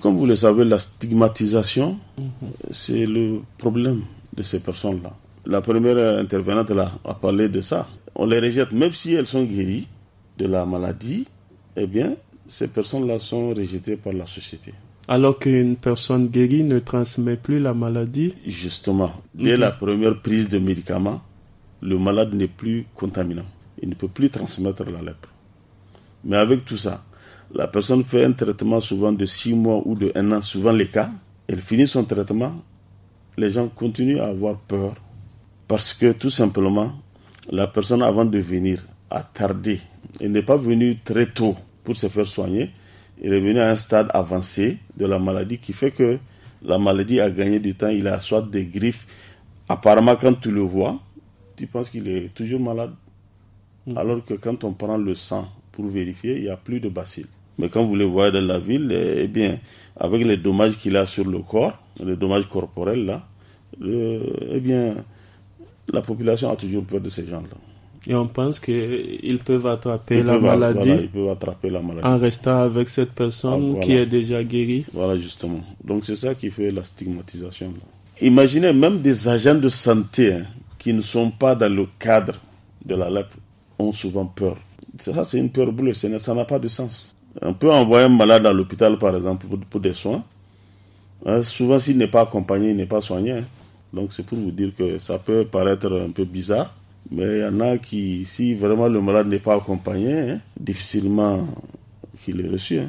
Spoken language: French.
Comme vous le savez, la stigmatisation, c'est le problème de ces personnes-là. La première intervenante là, a parlé de ça. On les rejette, même si elles sont guéries de la maladie, eh bien, ces personnes-là sont rejetées par la société. Alors qu'une personne guérie ne transmet plus la maladie Justement, dès la première prise de médicaments, le malade n'est plus contaminant. Il ne peut plus transmettre la lèpre. Mais avec tout ça, la personne fait un traitement souvent de six mois ou de un an, souvent les cas. Elle finit son traitement. Les gens continuent à avoir peur parce que tout simplement, la personne avant de venir a tardé. Elle n'est pas venue très tôt pour se faire soigner. Elle est venue à un stade avancé de la maladie qui fait que la maladie a gagné du temps. Il a soit des griffes. Apparemment, quand tu le vois, tu penses qu'il est toujours malade. Mm. Alors que quand on prend le sang pour vérifier, il n'y a plus de bacilles. Mais quand vous le voyez dans la ville, eh, eh bien, avec les dommages qu'il a sur le corps, les dommages corporels là, eh bien, la population a toujours peur de ces gens-là. Et on pense qu'ils peuvent attraper la maladie. ils peuvent attraper la maladie. En restant avec cette personne ah, qui est déjà guérie. Voilà, justement. Donc c'est ça qui fait la stigmatisation. Imaginez même des agents de santé hein, qui ne sont pas dans le cadre de la lèpre ont souvent peur. Ça, c'est une peur bleue. Ça n'a pas de sens. On peut envoyer un malade à l'hôpital, par exemple, pour, des soins. Hein, souvent, s'il n'est pas accompagné, il n'est pas soigné. Hein. Donc, c'est pour vous dire que ça peut paraître un peu bizarre. Mais il y en a qui, si vraiment le malade n'est pas accompagné, hein, difficilement qu'il est reçu.